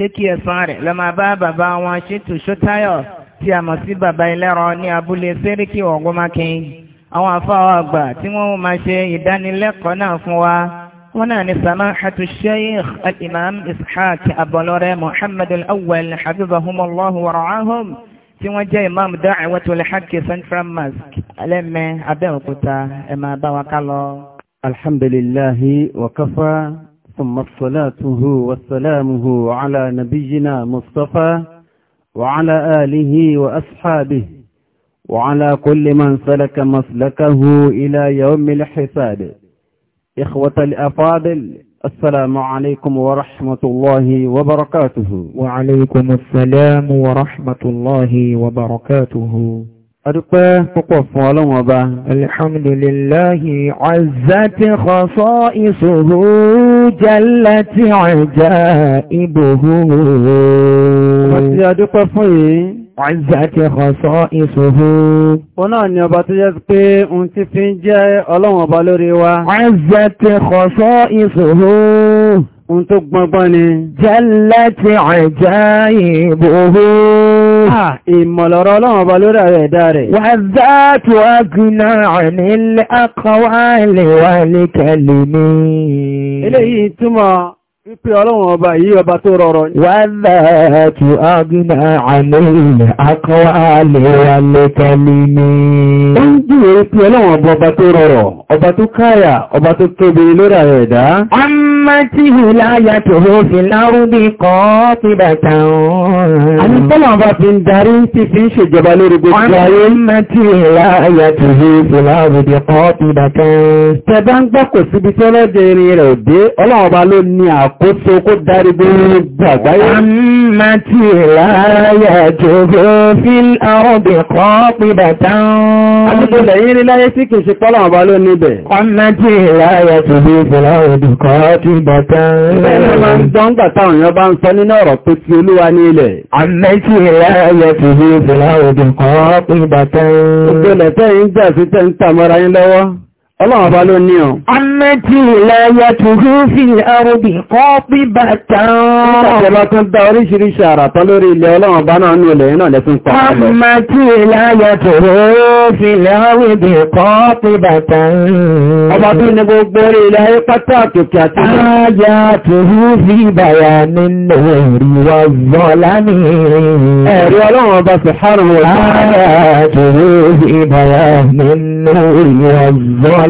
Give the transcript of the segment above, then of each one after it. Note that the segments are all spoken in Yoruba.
pé kí ẹ̀san rẹ̀ lọ máa bá bàbá wọn Ṣítù Ṣótáyọ̀ tí a mọ̀ sí bàbá ẹlẹ́rọ ní abúlé Séríkì Ògúnmákin àwọn àfáà àgbà tí wọ́n máa ṣe ìdánilẹ́kọ̀ọ́ náà fún wa wọ́n náà ni samahatu sheikh al-imam ishaq abọlọ́rẹ́ muhammad al-awwal habibahumullahu tí wọ́n jẹ́ imam da'watul haqq central mosque alẹ́mẹ́ abẹ́òkúta ẹ̀ bá wa ká lọ. wa kafa ثم الصلاة والسلامه على نبينا مصطفى وعلى آله وأصحابه وعلى كل من سلك مسلكه إلى يوم الحساب إخوة الأفاضل السلام عليكم ورحمة الله وبركاته وعليكم السلام ورحمة الله وبركاته Adúpẹ́ púpọ̀ fún ọlọ́run ọba. Alhamdulillahi, Azzati kọ̀sọ́ ìṣòro jẹ́lẹ̀ tí ọjà ìbòhò. Ọmọ tí adúpẹ́ fún yìí. Azzati kọ̀sọ́ ìṣòro. Ó náà ni ọba tó jẹ́ pé ohun tí fi jẹ́ ọlọ́run ọba lórí wa. Azzati kọ̀sọ́ ìṣòro ohun tó gbọ́ngbọ́n ni. jẹ́lẹ́tì àjáyé bòbó. à ìmọ̀lọ̀rọ̀ ọlọ́run ọba lórí ààrẹ ẹ̀dá rẹ̀. wà záàtù agùnà nílé akọwàlẹ̀ wà lè tẹ̀lé ní. eléyìí túmọ̀ wípé ọlọ́run ọba yìí ọba tó rọrọ. wà záàtù agùnà nílé akọwàlẹ̀ wà lè tẹ̀lé ní. ó ń jùwèé pé ọlọ́run ọba tó rọrọ ọba tó káyà ọba tó tóbi lórí ààrẹ ẹ̀dá. àmì ummatihi láyàtòrò fi lárúbí kọ́ ti bàtà ọ̀rọ̀. a ní tọ́lá ọba fi ń darí tí fi ń ṣèjọba lórí gbogbo ayé. ummatihi láyàtòrò fi lárúbí kọ́ ti bàtà ń gbọ́ kò gbogbo àgbáyé. رحمتي لا يجب في الأرض قاطبة Àdúgbòlẹ̀ yìí rí láyé tí kìí ṣe pọ́lọ̀ ọba ló níbẹ̀. Ọmọdé láyé tó bí ìfẹ́lá òdùkọ́ ti bàtà. Bẹ́ẹ̀ máa ń gbọ́n gbàtà òyìn bá ń sọ nínú ọ̀rọ̀ pé ti olúwa ní ilẹ̀. Ọmọdé láyé tó bí ìfẹ́lá òdùkọ́ ti bàtà. Ògbòlẹ̀ tẹ́ yìí ń jà sí tẹ́ ń tàmọ́ra الله قالوا النيو عمتي لا يتوه في الأرض قاطبة لا تنتظري شري شارة طلوري اللي الله قالوا عنه لينا لسن قاطبة عمتي لا يتوه في الأرض قاطبة أبادو نقول بوري لا يقطعك كاتب آياته في بيان النور والظلم أهل لا بس حرم آياته في بيان النور والظلم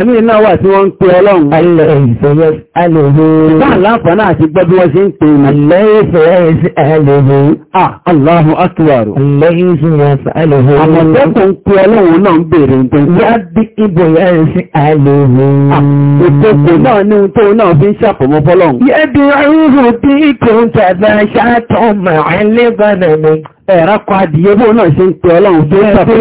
nǹkan ní iná wà tí wọ́n ń pe ọlọ́run. Alẹ́ ìfẹ́yẹ alòhó. Ìbá láǹfààní àti gbọ́ bí wọ́n ṣe ń pe ìmọ̀. Alẹ́ ìfẹ́yẹ alòhó. Allahu Akbar. Alẹ́ ìfẹ́yẹ alòhó. Àmọ̀tẹ́kùn ń pe ọlọ́run náà ń béèrè nǹkan. Yá bí ẹ̀rá kọ adìyẹ bó náà ṣe ń pẹ ọlọ́run tó ń tàbí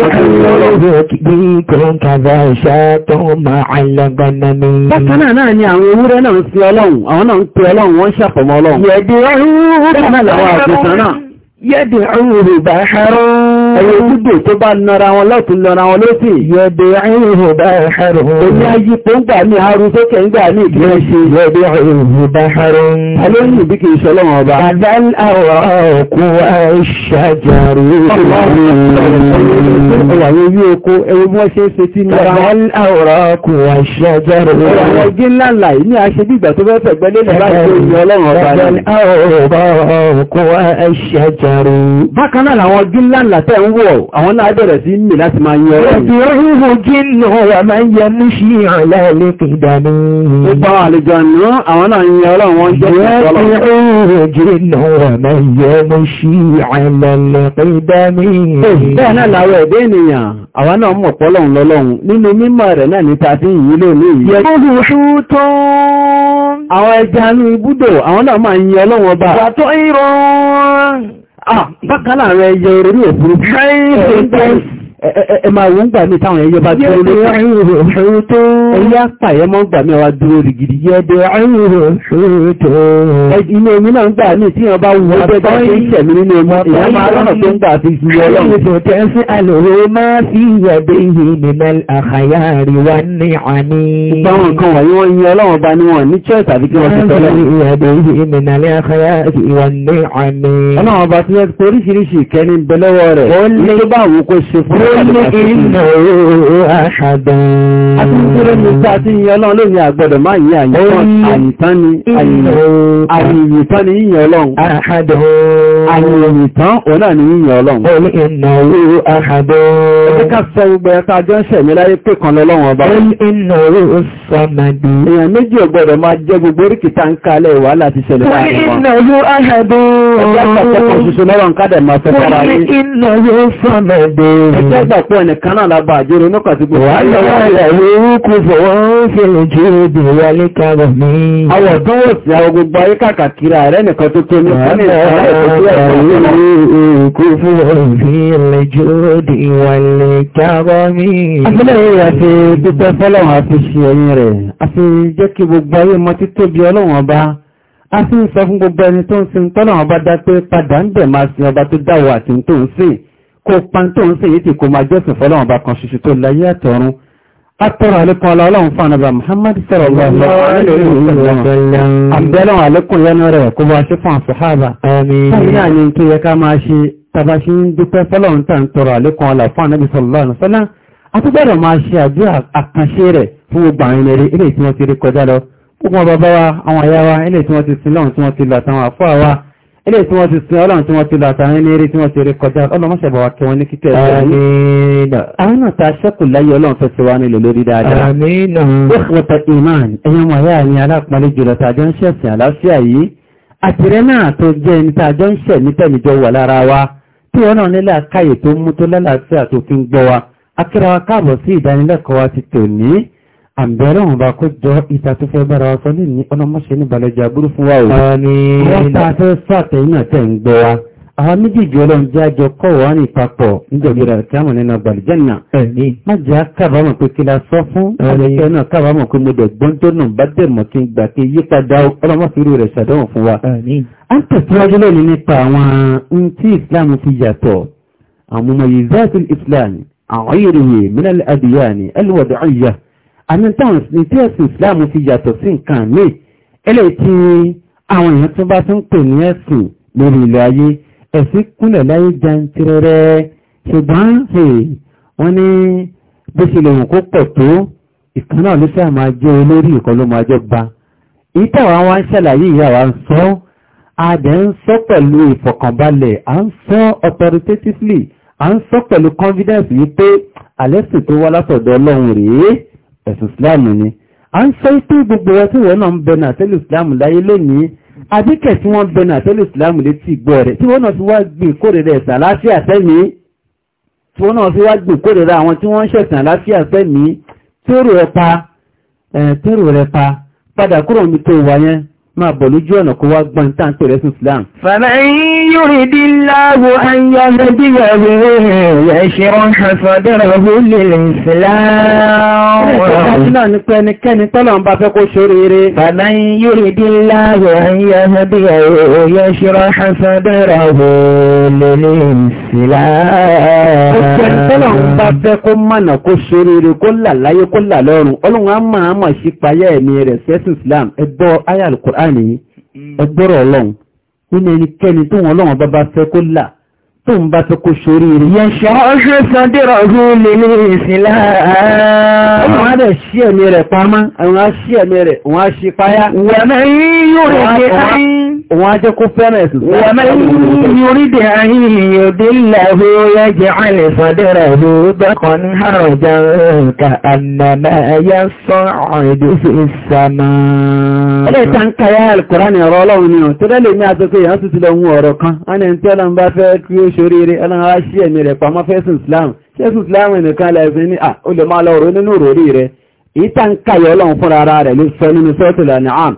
Bákanáà náà ni àwọn ewúrẹ́ náà ń fi ọlọ́run, àwọn náà ń pẹ ọlọ́run, wọ́n ń ṣàpọ̀mọ́ ọlọ́run. Yẹ̀dẹ̀ ọrún ẹ̀yẹ olúdò tó bá nara wọn láti nara wọn lóṣì yẹ̀dẹ̀ ìhùn bá ẹ̀hẹ̀rùn omi ayé tó ń gbà ní arun sókè ń gbà ní ìdílé ṣe yẹ̀dẹ̀ ìhùn bá ẹ̀hẹ̀rùn alóyìn bí kìí ṣe ọlọ́run ọba adán àwọ̀ ọkù aṣàjàrú ọwàyé yí oko ẹwọ bí wọ́n ṣe ṣe ń ń wọ̀ àwọn náà bẹ̀rẹ̀ sí mì láti máa yan ọ̀rọ̀ yìí. ẹ̀sìn ìhù jìnnà wà máa ń yẹ mú sí ìrànlẹ́ ẹ̀lẹ́kẹ̀ ìdàmú. ó pa àlejò àná àwọn náà ń yan ọlọ́run wọn jẹ́ ìṣọ́lọ́. ẹ̀sìn ìhù jìnnà wà máa ń yẹ mú sí ìrànlẹ́ ẹ̀lẹ́kẹ̀ ìdàmú. bẹ́ẹ̀ náà làwọn ẹ̀dẹ́ ènìyàn àwa náà mọ̀ pọ́lọ́run lọ́lọ́run nínú mímọ̀ rẹ̀ náà ní ta sí ìyí lónìí. àwọn ẹja ní ibùdó àwọn náà máa ń yan ọlọ́run ọba. wàtọ́ ìrọ̀rùn Ah, bákan láàrin ẹyẹ orí òfurufú ẹ máa wọ́n gbà mí táwọn ẹyẹ bá dúró lókè ẹyẹ apàyẹ mọ́ gbà mí wá dúró rìgìrì yẹ́dẹ̀ inú omi náà ń gbà mí tí wọ́n bá wù ú bẹ́ẹ̀ bá ṣe ń tẹ̀mí nínú omi èèyàn máa rọ̀nà tó ń gbà fi ju ọlọ́run. ìṣòro tẹ́ sí àlòrò máa fi yẹ̀dẹ̀ yìí innahu ahadun. A ti ń kúrò ní sáà tí yíyan ọlọ́run ló ní àgbọ̀dọ̀ máa yí àyíkán ni àyíyìntán ni yíyan ọlọ́run. Ahadun. Àyíyìntán òun náà ni yíyan ọlọ́run. Ó ní innahu ahadun. Ẹ jẹ́ ká sọ gbogbo ẹ̀ka àjọ ń ṣẹ̀mí láyé pé kan lọ́lọ́run ọba. Ó ní innahu samadi. Èèyàn méjì ò gbọ́dọ̀ máa jẹ́ gbogbo oríkì tá ń kalẹ̀ wàhálà ti ṣẹlẹ̀ láàrin wọn. Ó ní innahu ahadun. Ẹ jẹ́ àpàtẹ́kọ̀ọ́ ṣoṣo lọ́rọ̀ ń kádẹ̀ máa fẹ́ nígbà pọ̀ ẹnìkan náà lábà àjẹ́rò nípa ti gbogbo àwọ̀ tó wò sí àwọn gbogbo ayé kàkàkiri ààrẹ nìkan tó tó ní ọ̀pọ̀ ní ọ̀pọ̀ a fi ń sọ fún gbogbo ẹni tó ń sin tọ́lọ̀ ọba dá pé padà ń bẹ̀ máa sin ọba tó dáwọ̀ àti tó ń sìn kó pàntó ń sèyí tí kò máa jẹ́sìn fọ́lọ́wọ́n bá kan ṣoṣo tó láyé àtọ̀run atọ́rọ àlékún ọlọ́run fún Muhammad sallallahu alaihi wasallam àbẹ́lọ́wọ̀n àlékún yẹnu rẹ̀ kó bá ṣe fún àṣùhábà táyé náà ni tó yẹ ká máa ṣe tàbáṣí ń dúpẹ́ fọ́lọ́run tàn tọrọ àlékún ọlá fún ànàbì sallallahu alaihi wasallam àtúgbọ́dọ̀ máa ṣe àdúrà àkànṣe rẹ̀ fún gbogbo ilé tí wọ́n ti sin ọlọ́run tí wọ́n ti lọ àtàrin ní eré tí wọ́n ti rí kọjá ọlọ́mọ́ṣẹ̀bọ̀ wa kí wọ́n ní kíkẹ́ ẹ̀rọ àwọn náà ta ṣẹ́kù láyé ọlọ́run tó ti wá nílò lórí dáadáa ìwọ̀ta iman ẹ̀yàn wà yáà ní alápàlẹ́ jùlọ tàjọ ń ṣẹ̀sìn àlàáfíà yìí àtìrẹ́ náà tó jẹ́ ẹni àbẹ̀rẹ̀ òun bá kó jọ ìta tó fẹ́ bára ọsọ ní ní ọlọ́mọṣẹ́ ní balẹ̀jà burú fún wa ò wọ́n ta fẹ́ sàtẹ̀ iná tẹ̀ ń gbọ́ wa àwọn méjèèjì ọlọ́run jẹ́ àjọ kọ́ wà ní ìpapọ̀ níjọba kíámọ̀ nínú gbàlìjẹ́nà má jẹ́ kábàámọ̀ pé kí la sọ fún ọlọ́pẹ́ náà kábàámọ̀ pé mo dẹ̀gbọ́n tó nù bá dẹ̀mọ̀ kí n gbà kí àmìntàn ní tí ẹ̀sìn islam fi yàtọ̀ sí nǹkan míì ẹlẹ́ tí àwọn èèyàn tó bá tún ń pè ní ẹ̀sìn lórí ilẹ̀ ayé ẹ̀sìn kúnlẹ̀ láyé jantirẹrẹ ṣùgbọ́n wọ́n ní bó ṣe lè hùn kó pọ̀ tó ìkan náà ló sáà máa jẹ́ olórí ìkan ló máa jẹ́ gba ìtàwà wa ń ṣàlàyé ìyàwó ń sọ adẹ̀ ń sọ pẹ̀lú ìfọ̀kànbalẹ̀ à ń sọ authoritatively à ń sọ pẹ̀lú confidence yìí àlẹ́sìn tó wá látọ̀dọ̀ ọlọ́run rèé ẹ̀sùn ìsìláàmù ni a ń sọ pé gbogbo ẹ tí wọ́n náà ń bẹnu àtẹ́lù ìsìláàmù láyé lónìí àbíkẹ̀ tí wọ́n bẹnu àtẹ́lù ìsìláàmù létí ìgbọ́ rẹ̀ tí wọ́n náà fi wá gbìn kórèrè ẹ̀sà láfíà sẹ́mi tí wọ́n náà fi wá gbìn kórèrè àwọn tí wọ́n ń ṣẹ̀sìn láfíà sẹ́mi tí ó rò rẹ̀ pa padà kúrò mi tó wà yẹn máa bọ̀ lójú ọ̀nà kó wá gbọ́n tá ń pè rẹ́sùn Islam. Fàmẹ́ yúrí bí láàrù ayá lẹ́bí ẹ̀rù rẹ̀ ṣe rán ṣàfàdẹ́rẹ̀ lórílẹ̀ Islam. Ẹ̀sùn náà ní pé ẹnikẹ́ni tọ́lọ̀n bá fẹ́ kó ṣoríire. Fàmẹ́ yúrí bí láàrù ayá lẹ́bí ẹ̀rù rẹ̀ ṣe rán ṣàfàdẹ́rẹ̀ lórílẹ̀ Islam. Ẹ̀sùn tọ́lọ̀n bá fẹ́ kó mọ̀nà kó ṣoríire kó là kó là Ọlọ́run á máa mọ̀ sí payẹ́ ẹ̀mí rẹ̀ sẹ́sùn Islam ẹgbọ́ ayàlùkùrán àlùkùránì ẹgbọ́rọ̀ ọlọ́run nínú ẹnikẹ́ni tó wọn ọlọ́run bàbá fẹ́ kó là tó ń bá fẹ́ kó ṣorí rẹ̀ yẹn ṣe sọ́dẹ̀rọ̀ ọdún lè ní ìsìnlá àwọn adé sí ẹ̀mí rẹ̀ pamọ́ àwọn aṣí ẹ̀mí rẹ̀ wọ́n aṣí payá wọ́n ajẹ́ kó fẹ́rẹ̀ ẹ̀sùn wọ́n yorídẹ̀ ayé yòdé lẹ́hó yẹ́jẹ́ àlè sọ́dẹ̀rọ̀ ọdún bẹ́kọ̀ ní àrọ̀jà ka ànàmà ẹ̀yà sọ́ ọ̀rẹ́dẹ́ sí ìsàmà ẹlẹ́ta ń kàyà alkùránì ọ̀rọ̀ ọlọ́run ni ọ̀ tó lẹ́lẹ̀ ní àtọ́kù èèyàn tún ti lọ hun ọ̀rọ̀ kan a ní tí ọlọ́run bá fẹ́ kí ó ṣoríire ọlọ́run á rẹ̀ pamọ́ fẹ́sùn islam fẹ́sùn islam nìkan lẹ́sìn ní à ó lè máa lọ ọ̀rọ̀ nínú òròrí rẹ̀ ìta ń kàyà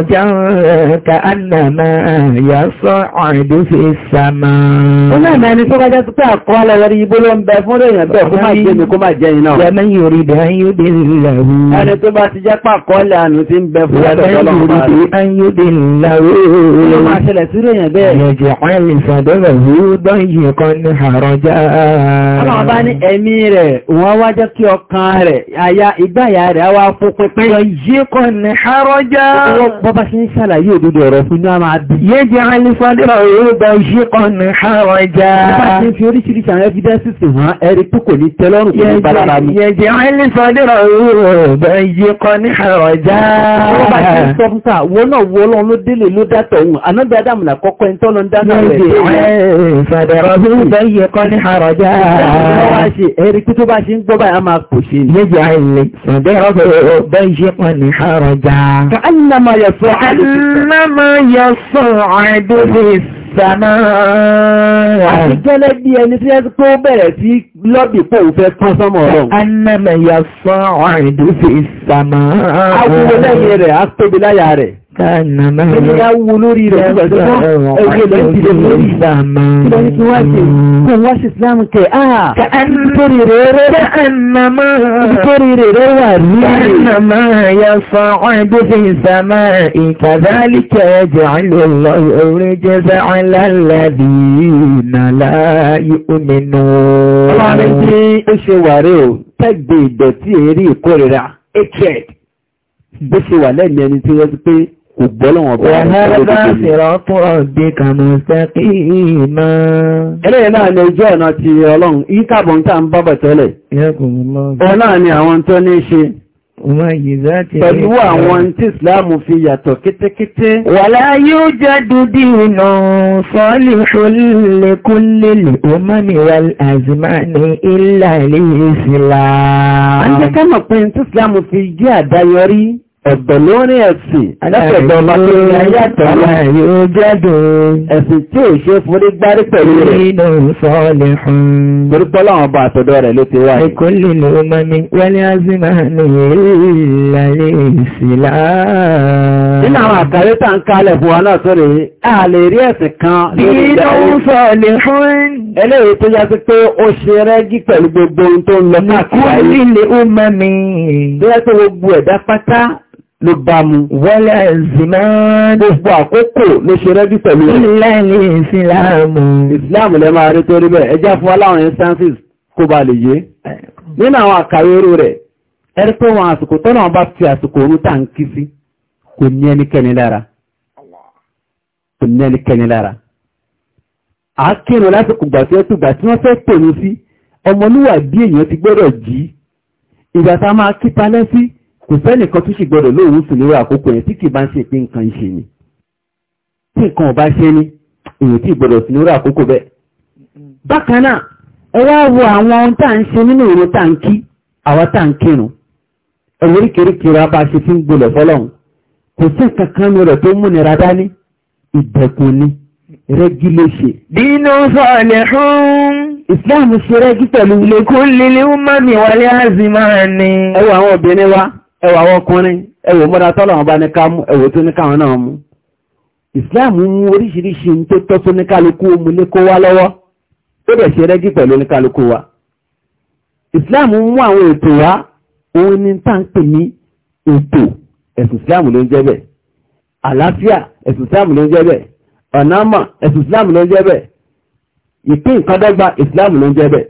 درجة كأنما يصعد في السماء Ọlá ìmọ̀ ẹni tó bá jẹ́ pípẹ́ àkọọ́lẹ̀ lórí ibó ló ń bẹ fún rèèyàn bẹ́ẹ̀ kó máa jẹ́ mi kó máa jẹ́ iná. Yẹmẹ́ yóò rí bí ayé dé ńláwó. Ẹni tó bá ti jẹ́ pàkọọ́lẹ̀ àánú ti ń bẹ fún ẹ̀dọ̀ ọlọ́run máa rí. Yẹmẹ́ yóò rí bọ́bá ṣe ń ṣàlàyé òdodo ọ̀rọ̀ fún náà máa bí. yé jẹ́ alifadira òyìnbó ṣe kọ́nà àwọn ìjà. bọ́bá ṣe fi oríṣiríṣi àwọn evidence sì hàn ẹ̀rí tó kò ní tẹ́lọ́rùn kò ní balára mu. yé jẹ́ alifadira òyìnbó ṣe kọ́nà àwọn ìjà. bọ́bá ṣe ń sọ yas'adu fis sàmáà. Àti gẹ́lẹ́ bí ẹni tí ẹ́ tó bẹ̀rẹ̀ sí lọ́bì pọ̀ òfẹ́ kan sọ́mọ̀ ọ̀rọ̀. Annama yas'adu fis sàmáà. Awúwo lẹ́yìn rẹ̀ á tóbi láyà rẹ̀. Ẹni á wo lórí rẹ̀ ẹgbẹ́ lọ sí ilé lórí ìdámá. Kí lọ ní kí wá ṣe? Kí wá ṣe ìsìlámù kẹ? Ah! Ìtòrí rẹ̀ rẹ̀ ẹ̀nàmá. Ìtòrí rẹ̀ rẹ̀ wà rí. Ẹ̀nàmá ya sọ ọ̀dọ́ fi ìsàmá ìkàdálìkẹ̀ ẹ̀jẹ̀ àlọ́lọ́ orí jẹ́sẹ̀ ọ̀làlàbí nàlá ìhùnmínú. Ọlọ́run tí ó ṣe wà rí o, tẹ́gbẹ̀ ìdọ̀tí èrí ìkórìíra, hatred, bó ṣe wà lẹ́mìí ẹni tí wọ́n ti pé kò gbọ́lọ̀wọ̀n bá ọ̀rọ̀ ìrọ̀pọ̀ ọ̀dẹ́ kàmù sẹ́kì ìmọ̀. ẹlẹ́yìn náà ni ojú ọ̀nà ti ọlọ́run ìtàbọ̀ ń tàn bábà tẹ́lẹ̀ ọ̀nà ni àwọn tó ní ṣe pẹ̀lú àwọn tí ìsìláàmù fi yàtọ̀ kétékété wà láyé ó jẹ́ dúdí ìnà sọ́ọ̀lì ṣolẹ́kúnlẹ̀lẹ̀ òmìnira àzìmáàní ìlàlẹ́ ìsìláàmù. a ń jẹ́ kánà pé tí ìsìláàmù fi jẹ́ àdáyọrí Ẹ̀bẹ̀ lórí ẹ̀sìn, aláṣẹ̀bẹ̀ ọba tó ní ayé àtọ̀lá yóò jẹ́dùn. Ẹ̀sìn tí ò ṣe fún ní gbárí pẹ̀lú rẹ̀. Nínú sọ́ọ̀lẹ̀ fún. Torípọ́ láwọn ọba àtọ̀dọ̀ rẹ̀ ló ti wá. Ẹ̀kọ́ lílo mami wálé azima ní ìlàlẹ̀ ìsìlá. Nínú àwọn àkàrí tá ń kalẹ̀ fún wa náà sórí, a lè rí ẹ̀sìn kan lórí ìgbà yìí. Nínú sọ́ọ̀lẹ̀ fún ló bá mu. Wọ́lá ìsìnmáà. Gbogbo àkókò ló ṣe rẹ́bí pẹ̀lú rẹ̀. Ìlànà ìsìláàmù. Ìsìláàmù lẹ máa rí torí bẹ́ẹ̀, ẹjá fún aláwọn instances kó ba lè yé. Nínú àwọn àkàwé oró rẹ̀, ẹrí pé wọn àsìkò tọ́nà bá fi àsìkò orú tà ń kí sí, kò ní ẹnikẹ́ni lára. Kò ní ẹnikẹ́ni lára. À kírun lásìkò gbà tí ó tù gbà tí wọ́n fẹ́ tòun sí, ọmọlúwà bí èèyàn ti gbọ́dọ̀ jí. Ìgbà tá máa kíta lẹ́sí, kò sẹ́nìkan tó sì gbọdọ̀ lóòrùn sùn lórí àkókò yẹn tí kì bá ń ṣe pé nǹkan ìṣe ni tí nǹkan ọba ṣe ni èyí tí gbọdọ̀ sùn lórí àkókò bẹ́ẹ̀. bákan náà ẹ wá wo àwọn ohun tá à ń ṣe nínú ìró tá à ń kí àwa tá à ń kírun ẹ̀rọ oríkèéríkèé ra bá a ṣe fi ń gbolẹ̀ fọlọ́run kò sí nǹkan kan rẹ̀ tó múnira dání ìdẹ̀kùn ni rẹ́gíléṣe. dínú sọ̀lẹ̀ fún. ìsìláàmù ṣe rẹ́gí pẹ̀lú. lèkún lílé ó má mi wọlé àzìmá ni. ẹ wo àwọn obìnrin wa ẹwà àwọn ọkùnrin ẹwò mọ́ra tọ́lọ̀wọ̀n bá ní ká mú ẹwò tó ní káwọn náà mú Islam mú oríṣiríṣi tó tọ́ tó ní kálukú mú ní kó wá lọ́wọ́ tó dẹ̀ ṣe rẹ́gí pẹ̀lú ní kálukú wa Islam mú àwọn ètò wá òun ní táǹpì ní ètò ẹ̀sùn Islam ló ń jẹ́ bẹ̀ àlàáfíà ẹ̀sùn Islam ló ń jẹ́ bẹ̀ ọ̀nàmà ẹ̀sùn Islam ló ń jẹ́ bẹ̀ ìpín nǹkan Islam ló ń jẹ́ bẹ̀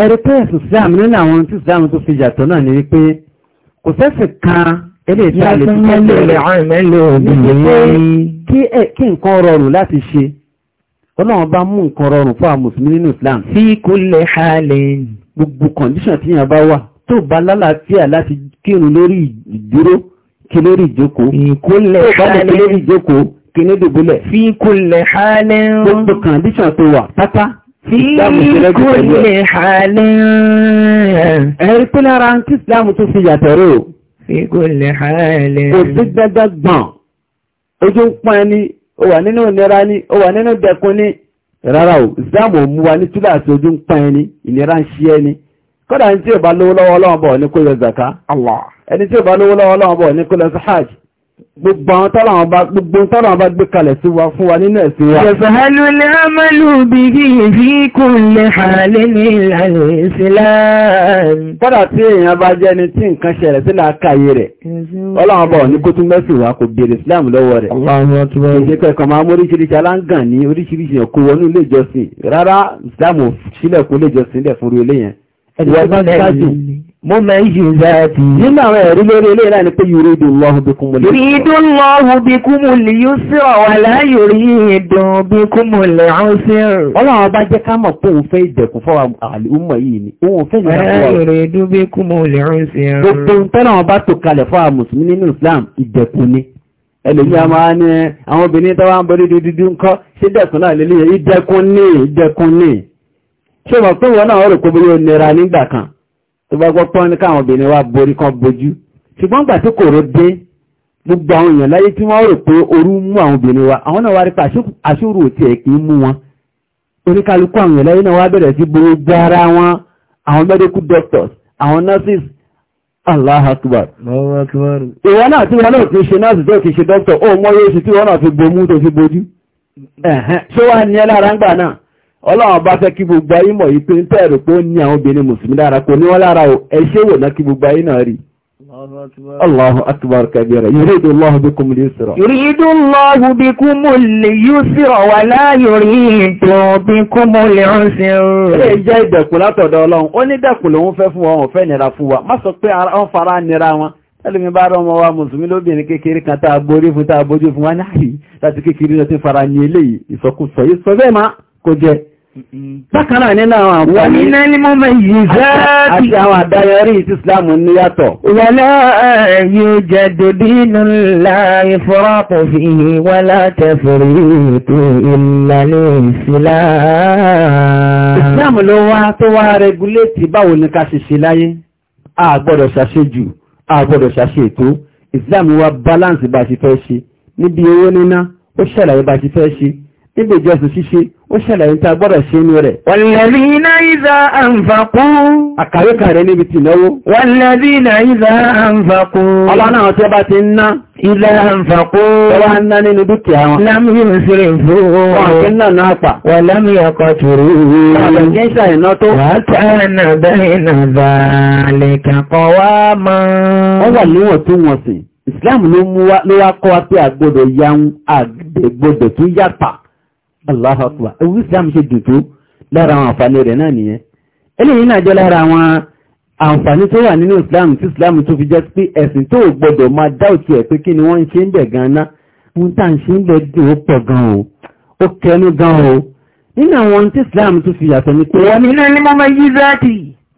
ẹ̀rí pé ẹ̀sùn islam nínú àwọn tí islam tó fi yàtọ̀ náà ni wípé kò sẹ́sì kan ilé ìta lè fi kẹ́lẹ̀ kí nǹkan rọrùn láti ṣe ọlọ́run bá mú fi kulli halin gbogbo kọ̀ndíṣàn tí yàn bá wà tó bá lálàáfíà láti kírun lórí ìdúró kí lórí ìjókòó ìkólẹ̀ ìjókòó kí ní dùbúlẹ̀ fi kulli halin gbogbo kọ̀ndíṣàn tó wà pátá Fíkúlè hàlẹ́. Ẹ̀rí pé lára ń kí ìsìláàmù tó fi yàtọ̀ rẹ̀ o. Fíkúlè hàlẹ́. Kò sí gbẹ́gbẹ́ gbọ̀n. Ojú ń pọ́n ẹni, ó wà nínú ìnira ní, ó wà nínú ìdẹ̀kùn ní. Rárá o, ìsìláàmù ò mú wa ní túláàsì ojú ń pọ́n ẹni, ìnira ń ṣí ẹni gbogbo àwọn tọ́lọ̀wọ̀n bá gbogbo tọ́lọ̀wọ̀n bá gbé kalẹ̀ sí wa fún wa nínú ẹ̀sìn wa. yẹ̀fẹ̀hálù ní àmàlù i fi kò lè hàlẹ́ ní ìlànà ìsìláàmù. kọ́dà tí èèyàn bá jẹ́ ni tí nǹkan ṣẹlẹ̀ sí làákàyè rẹ̀ ọlọ́wọ́n bá ní kó tún mẹ́sìn wa kò béèrè islam lọ́wọ́ rẹ̀. ìṣèkọ̀ ẹ̀kọ́ máa mú oríṣiríṣi aláǹgàn ní oríṣiríṣi ẹ̀kọ́ wọnú ilé ìjọsìn rárá islam sílẹ̀kùn ilé ìjọsìn lẹ̀ mo mẹ́ ìṣe ìzáyàtì nínú àwọn ẹ̀rí lórí ilé ìlànà pé yuridu Allahu bikumul yusra yuridu Allahu bikumul yusra wa la yuridu bikumul usra ọlọ́run bá jẹ́ ká mọ̀ pé òun fẹ́ ìdẹ̀kùn fọ́wà àlùmọ̀ yìí ni òun fẹ́ ìdẹ̀kùn ẹlòmí a máa ní àwọn obìnrin tó wá ń borí dúdú ń kọ́ sí dẹ̀kùn náà lélẹ́yìn ìdẹ̀kùn ní ìdẹ̀kùn ní ṣe mọ̀ pé wọ́n náà rò kó bí ó nira nígbà tó bá gbọ́ pọ́n ní káwọn obìnrin wá borí kan bojú ṣùgbọ́n gbà tí kòrò dé gbogbo àwọn èèyàn láyé tí wọ́n rò pé orú mú àwọn obìnrin wa àwọn náà wá rí pa àṣírò tí ẹ̀ kì í mú wọn oníkálukú àwọn èèyàn láyé náà wá bẹ̀rẹ̀ sí gbogbo ara wọn àwọn medical doctors àwọn nurses Allah akbar. Ìwọ náà tí wọ́n náà ti ṣe nọ́ọ̀sì tó ti ṣe dọ́kítọ̀ ó mọ́ yóò ṣe tí wọ́n náà fi bomú tó fi bojú. Mm. Ṣé wá ní ẹ lára ń gbà náà? ọlọ́run bá fẹ́ kí gbogbo ayé mọ̀ yìí pé ń tẹ̀rù pé ó ní àwọn obìnrin mùsùlùmí lára kò ní wọ́n lára o ẹ ṣé wò ná kí gbogbo ayé náà rí. Allahu akbar kabira yuridu Allahu bikumul yusra. Yuridu Allahu bikumul yusra wa la yuridu bikumul usra. Ilé jẹ́ ìdẹ̀kùn látọ̀dọ̀ ọlọ́run, ó ní dẹ̀kùn lòun fẹ́ fún wọn, fẹ́ nira fún wa. Má sọ pé wọ́n fara nira wọn. Ẹlùmí bá rọ wa Mùsùlùmí lóbìnrin kékeré kan tá a borí fún tá a bójú fún wa náà yìí láti kékeré lọ sí fara ní eléyìí ìsọkúsọ yìí sọ bẹ́ẹ̀ má kó jẹ́. Bákanáà nínú àwọn àpọ̀ ní ní mọ́ mẹ́ yìí záàtì àti àwọn àdáyọrí tí Ìsìláàmù ní yàtọ̀. Wala yujadu dinul lahi furatu fihi wala tafritu illa al-Islam. Ìsìláàmù ló wá tó wá rẹgúlétì báwo ní ká ṣiṣẹ́ láyé. A gbọ́dọ̀ jù, a gbọ́dọ̀ níbi ìjọsìn ṣíṣe ó ṣẹlẹ̀ ní tí a gbọ́dọ̀ ṣe inú rẹ̀. wàlẹ̀dínà ìzà àǹfàkú. àkàwé kan rẹ̀ níbi tìnáwó. wàlẹ̀dínà ìzà àǹfàkú. ọlọ́nà àwọn tí ó bá ti ń ná. ìzà àǹfàkú. ó wá ń ná nínú dúkìá wọn. lámìí òṣèré fún o. wọn kì í nànà ọkọ̀ Allahu Akbar ewu islam ṣe dùtú lára àwọn àǹfààní rẹ̀ náà nìyẹn eléyìí náà jẹ́ lára àwọn àǹfààní tó wà nínú islam tí islam tó fi jẹ́ pé ẹ̀sìn tó gbọdọ̀ máa dáòtú ẹ̀ pé kí ni wọ́n ń ṣe ń bẹ̀ gan-an ń tà ń ṣe ń bẹ̀ dùn ó pọ̀ gan-an o ó kẹnu gan o nínú àwọn tí islam tó fi yàtọ̀ ní pé wọ́n ní ní mọ́mọ́ yí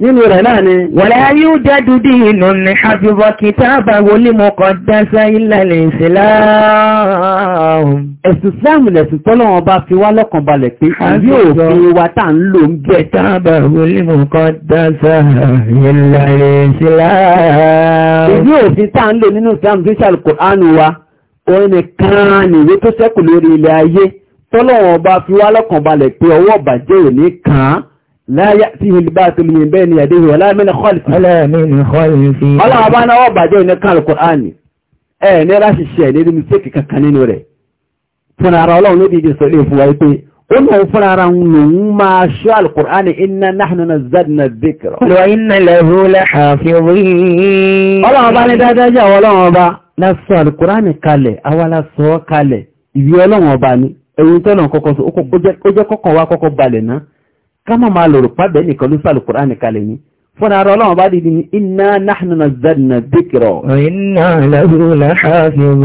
nínú rẹ̀ náà ni wàlá yóò jẹ́dú dí inú ní àbíbọ̀ kìtàbà wọlé mọ́kọ̀ dáṣá ìlàlẹ̀ ìsìláàmù ẹ̀sùsáàmù lẹ̀sùn tọ́lọ́wọ́n bá fi wá lọ́kàn balẹ̀ pé àbí òfin wa tà ń lò ń bẹ̀ kìtàbà wọlé mọ́kọ̀ dáṣá ìlàlẹ̀ ìsìláàmù ìbí òfin tà ń lò nínú ìsìláàmù لا يأتيه الباطل من بين يديه ولا من خلفه ولا من خلفه الله أبانا وبعدين نكال القرآن ẹ̀ ní ráṣì ṣe ní rí mistake kankan nínú rẹ̀ fún ara ọlọ́run ló dìde sọ ilé fún wa pé ó mọ̀ fún ara lòun máa ṣọ́ alkùránì inna nahnu nazzalna dhikra wa inna lahu lahafizin ọlọ́run bá ní dáadáa jẹ́ ọlọ́run ọba lásọ alkùránì kalẹ̀ àwa lásọ kalẹ̀ ìwé ọlọ́run ọba ni ẹ̀yìn tọ́lọ̀ kọ́kọ́ sọ ó jẹ́ kọ́kọ́ wá kọ́kọ́ balẹ̀ náà kama ma lòrò pàbẹ̀ nìkan ló sàlù kùránì kalẹ̀ ní fúnra rọ ọlọ́run bá dìdí ní inna nahnu nazzalna dhikra inna lahu lahafizun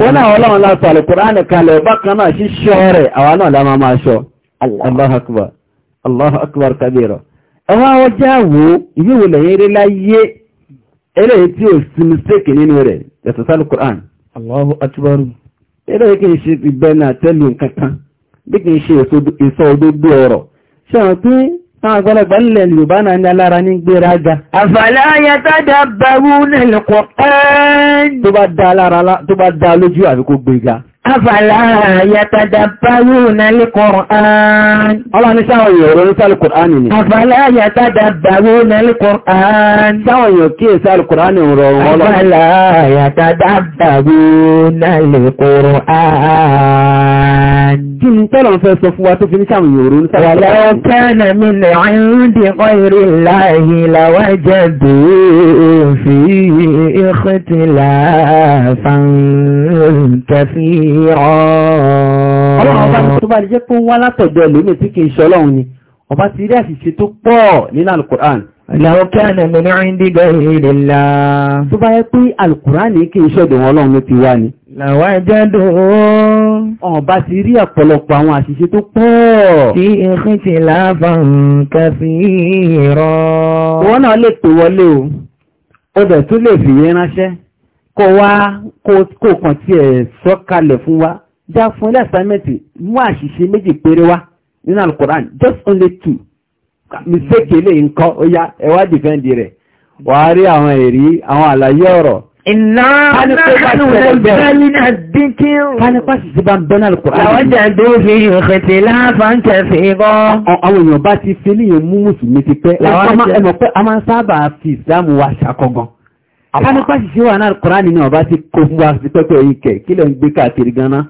wọ́n náà ọlọ́run la sàlù kùránì kalẹ̀ bákan náà ṣíṣọ́ rẹ̀ àwa náà la máa máa ṣọ́ Allahu akbar Allahu akbar kabira ẹwà ọjà wo ìwé wo lẹ́yìn rí láyé eléyìí tí ò sí mistake nínú rẹ̀ yàtọ̀ sàlù kùránì ṣẹ́wọ̀n pé àwọn àgbọ́lọ̀gbà nílẹ̀ Yorùbá náà ní alára ní gbéraga. àfàlà ayẹtàdà bẹ̀rù nílùkọ̀ẹ́ tó bá dá lójú àbíkó gbéga afàlá yàtàdà bárú na lè kọ̀rán. ọlọ́run ní sáwọn èèyàn ronú sáàlù kọ̀rán ni. afàlá yàtàdà bárú na lè kọ̀rán. sáwọn èèyàn kí è sáàlù kọ̀rán ni rọrùn ọlọ́run. afàlá yàtàdà bárú na lè kọ̀rán. kí ni tọ́lọ̀ fẹ́ sọ fún wa tó fi ní sáwọn èèyàn ronú sáàlù كثيرا ọlọ́run ọba tó bá lè jẹ́ pé wá látọ̀dọ̀ lómi tí kìí ṣe ọlọ́run ni ọba ti rí àṣìṣe tó pọ̀ nínú alukur'an láwọ́ kí ànà mẹ́rin rí dígbà ìrìnlẹ̀ láà tó bá yẹ pé alukur'an kìí ṣọ́dọ̀ wọn ọlọ́run ló ti wá ni làwọn ẹjẹ́dọ̀ ọba ti rí ọ̀pọ̀lọpọ̀ àwọn àṣìṣe tó pọ̀ tí ìfín ti láàbà nǹkan sí ìrọ̀ wọn náà kó wá kó kàn tí ẹ̀ sọ́kalẹ̀ fún wa já fún ilé àsámẹ́tì mú àṣìṣe méjì péré wá nínú alukoran just only two mistake eléyìí nǹkan ó yá ẹ wá dìfẹ́ǹdì rẹ̀ wàá rí àwọn èrí àwọn àlàyé ọ̀rọ̀ Iná Kánípa ṣìṣẹ́ bá ń bẹ́ náà kùránì. Àwọn jàndó fi ìrìnkẹ̀tẹ̀ láàfáǹkẹ̀ fi rọ́. Àwọn èèyàn bá ti fi ní ìmú Mùsùlùmí ti pẹ́. Ẹ̀mọ̀ máa ń sábà fi ìsìlámù wa ṣàkọ́gan àbánípa ṣiṣẹ́ wà náà kùránì ní ọba ti kó fún wa sí pẹ́pẹ́ ìkẹ̀ kí ló ń gbé káàkiri ganan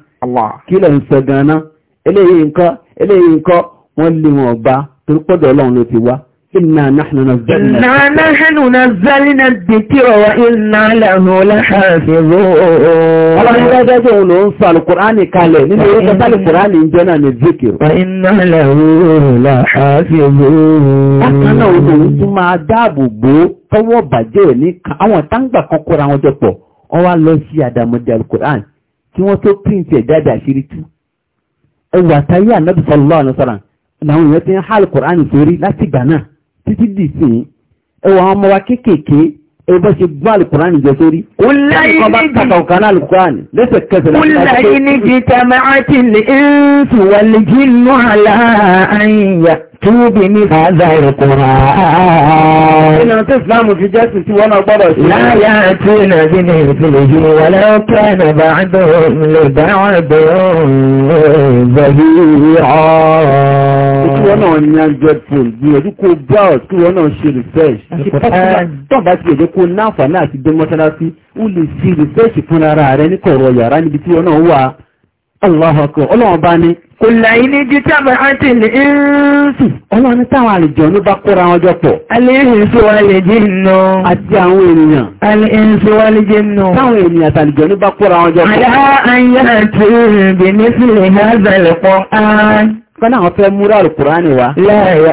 kí ló ń sọ ganan eléyìí nǹkan eléyìí nǹkan wọ́n lé wọn ọba torí pọ́dọ̀ ọlọ́run ló ti wá Inna nahnu nazzalna Inna nahnu nazzalna dhikra wa inna lahu Ọlọ́run tọwọ́ bàjẹ́ ní àwọn táǹgbà kan kóra wọn wá lọ sí àdàmọ̀dé alukoran kí wọ́n tó píǹtì ẹ̀ jáde àṣírí tú ẹwà táyé ànábì sallallahu alaihi wasallam làwọn èèyàn ti ń há alukoran sórí láti gbà náà títí dì sí ẹwà àwọn ọmọ wa kéékèèké ẹgbẹ́ ṣe gbọ́ alìkùránì jẹ sórí. Kúlẹ̀ yìí ní túbí ní bàbá ìrùkùnrà. Iná tí Ìsìláàmù fi jẹ́ sí wọ́n náà gbọ́dọ̀ sí. Láyá tí ìnà sí ní ìpìlẹ̀ yìí wà lẹ́ọ̀kẹ́ ẹ̀nà bá ń dọ̀ lè bá wọn bẹ̀ bẹ̀lú ọ̀rọ̀. Kí wọ́n náà ní àjọ tí gbìyànjú kó browse kí wọ́n náà ṣe research. Tọ́n ti lè jẹ́ kó náfààní àti dé mọ́ṣáláṣí, ó lè ṣe research fúnra rẹ̀ ní kọ̀rọ̀ yàrá níbi tí wọ́n náà wà kò láyín ní jí tí a máa ti lè ẹ́ẹ̀sì ọlọ́run ní táwọn àlejò ní bá kóra wọn jọ pọ̀ alẹ́ẹ̀ẹ́sì wà lè jí nù àti àwọn ènìyàn alẹ́ẹ̀ẹ́sì wà lè jí nù táwọn ènìyàn àtàlejò ní bá kóra wọn jọ pọ̀ aláàyà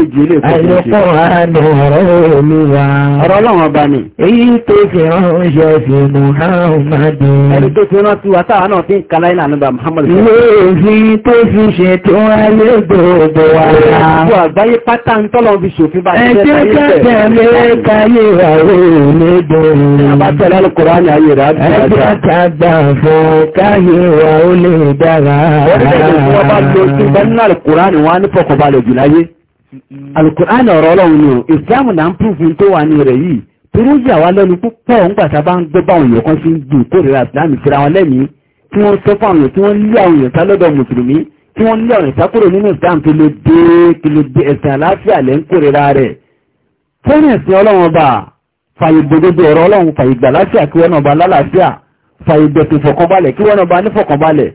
kejì ilé ìfọ́sí. àìlẹ́kọ̀ àdọ̀rọ̀ olúwa. ọ̀rọ̀ ọlọ́run ọba ni. èyí tó fi ránṣẹ́ sí muhammadu. ẹni tó fi rántí wa táwa náà ti ń kala ilé ànúbà muhammadu. lóòfin tó fi ṣètò àlejòòbò wa. gbogbo àgbáyé pátá ń tọ́lọ̀ fi ṣòfin bá alukur'an ọ̀rọ̀ ọlọ́run ni o islam là ń púfin tó wà ní rẹ̀ yìí torí ó yà wá lẹ́nu púpọ̀ ń gbàtà bá ń gbé báwọn èèyàn kan sí ń gbìn kórìíra islam síra wọn lẹ́mìí tí wọ́n sọ fún àwọn èèyàn tí wọ́n lé àwọn èèyàn sá lọ́dọ̀ mùsùlùmí tí wọ́n lé àwọn èèyàn sá nínú islam kí ló dé kí dé ẹ̀sìn àlàáfíà lẹ́ ń kórìíra rẹ̀ fẹ́rẹ̀ ọlọ́run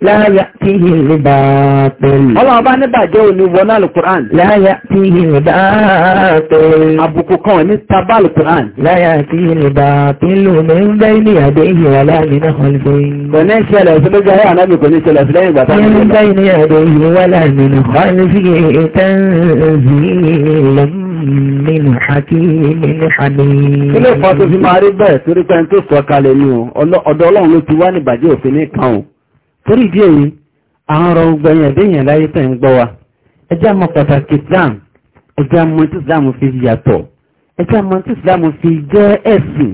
láyá tí hì ní bá pẹ̀lú. ọlọ́run bá níbàjẹ́ òní wọná alukur'an. láyá tí hì ní bá pẹ̀lú. àbùkù kan ní tabá alukur'an. láyá tí hì ní bá pẹ̀lú mi ń bẹ́ ní àdé ìhìwà láàrin náà wọ́n fi. kò ní ṣẹlẹ̀ sí lójú ayé àná mi kò ní ṣẹlẹ̀ sí lẹ́yìn bàtà. mi ń bẹ́ ní àdé ìhìwà láàrin náà wọ́n fi ìtàn zìlẹ̀ nínú hakim ní hàní. ilé ìfọ́ máa rí bẹ́ẹ̀ torí pé ẹni tó sọ ni ọ̀dọ̀ ọlọ́run ló ti wá níbàjẹ́ òfin ní kan torí ìdí èyí àwọn ọ̀rọ̀ gbẹ̀yìn ẹ̀dẹ́yìn láyé tẹ̀ ń gbọ́ wa ẹjẹ́ mọ̀ pàtàkì Islam ẹjẹ́ mọ̀ tí Islam fi yàtọ̀ ẹjẹ́ mọ̀ tí Islam fi jẹ́ ẹ̀sìn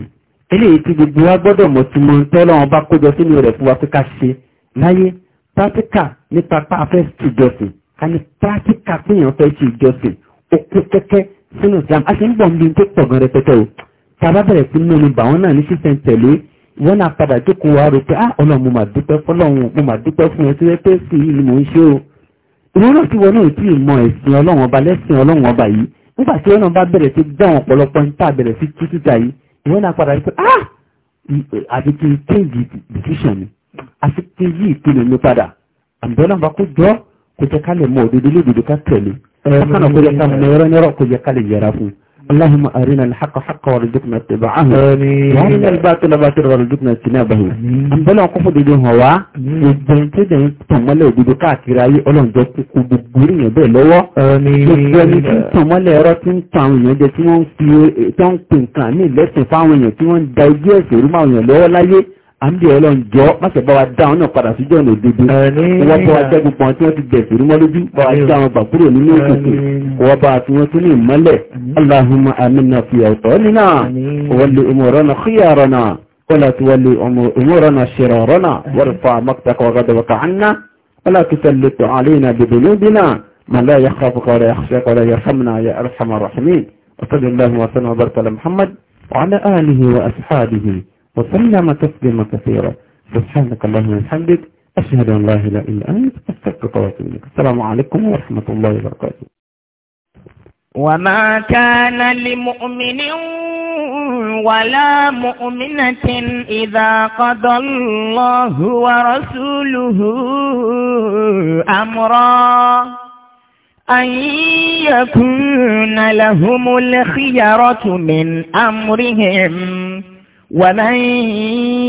eléyìí tí gbogbo wa gbọ́dọ̀ mọ̀ tí mo ń tọ́ lọ́wọ́n bá kójọ sínú rẹ̀ fún wa pé ká ṣe láyé pátíkà nípa pàfẹ́ tìjọsìn ká ní pátíkà péyàn fẹ́ tìjọsìn ó kún kẹ́kẹ́ sínú Islam a ṣe ń gbọ̀n bí tó pọ̀ gan rẹpẹtẹ o tàbá bẹ̀rẹ̀ sí mímu bàwọn náà ní sísẹ̀ ń tẹ̀lé wọ́n náà padà jókòó wa rò pé á ah, ọlọ́run mo máa dúpẹ́ fọlọ́run mo máa dúpẹ́ fún ẹ tí wọ́n pé sí i ni mò ń ṣe o ìwọ náà ti wọ náà tí ì mọ ẹ̀sìn ọlọ́run ọba lẹ́sìn ọlọ́run ọba yìí nígbà tí wọ́n náà bá bẹ̀rẹ̀ sí dáhùn ọ̀pọ̀lọpọ̀ ń tà bẹ̀rẹ̀ sí tú síta اللهم أرنا الحق حق وارزقنا اتباعه وأرنا الباطل باطل وارزقنا اجتنابه àbẹ́lẹ̀ ọkọ̀ fún dídí hàn wá ìgbẹ̀ntẹ́dẹ̀ ń tọ̀mọ́lẹ̀ òdodo káàkiri ayé ọlọ́njọ́ ti kú gbogbo èèyàn bẹ́ẹ̀ lọ́wọ́ gbogbo ẹni tí ń tọ̀mọ́lẹ̀ ẹ̀rọ tí ń tan àwọn èèyàn jẹ tí wọ́n ń pè nǹkan ní ìlẹ́sìn fáwọn èèyàn tí wọ́n ń da ojú ẹ̀sìn rúmọ́ àwọn èèyàn lọ́wọ́ láyé àmì ọlọ́run jọ máṣe bá wa dá àwọn náà padà síjọ́ ọ̀nà òdodo wọ́n bá wa jẹ́ gbogbo àwọn tí wọ́n ti gbẹ̀sì rí mọ́lójú bá wa jẹ́ àwọn gbàkúrò nínú òkùnkùn wọ́n bá fi wọ́n tún ní ìmọ́lẹ̀ aláhùnmá amínà fi ọ̀tọ́ nínà wọ́n lè ìmọ̀ràn kíyàrọ̀ náà wọ́n láti wọ́n lè ìmọ̀ràn ṣèrọ̀rọ̀ náà wọ́n fa mọ́kítàkọ̀ ọ̀gádọ̀wọ̀kà àná wọ́n láti sẹ́lẹ̀tọ̀ àlẹ́yìn àbẹ̀bẹ̀lódínà màlá yà kọ́fùkọ́ rẹ̀ ṣẹ́kọ́ rẹ̀ yà sàmìnà yà arṣàmà rọ̀ṣìmí وصلى الله وسلم وبارك على محمد وعلى آله وأصحابه وسلم تسليما كثيرا سبحانك اللهم وبحمدك أشهد أن لا إله إلا أنت أستغفرك وأتوب إليك السلام عليكم ورحمة الله وبركاته وما كان لمؤمن ولا مؤمنة إذا قضى الله ورسوله أمرا أن يكون لهم الخيرة من أمرهم ومن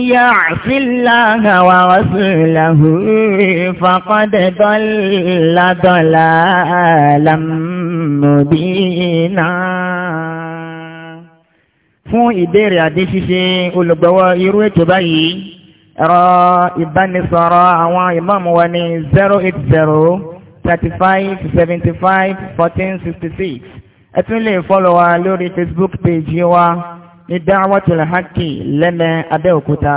يعص الله ورسوله فقد ضل ضلالا fún ìbéèrè àdé ṣíṣe olùgbọ́wọ́ irú ètò báyìí ẹ̀rọ ìbánisọ̀rọ̀ àwọn ìmáàmù wa ní 080 35 75 ẹ tún lè fọ́lọ̀ wa lórí Facebook page wa ní dáwọ́tìlẹ̀ hákì lẹ́mẹ́ abẹ́òkúta.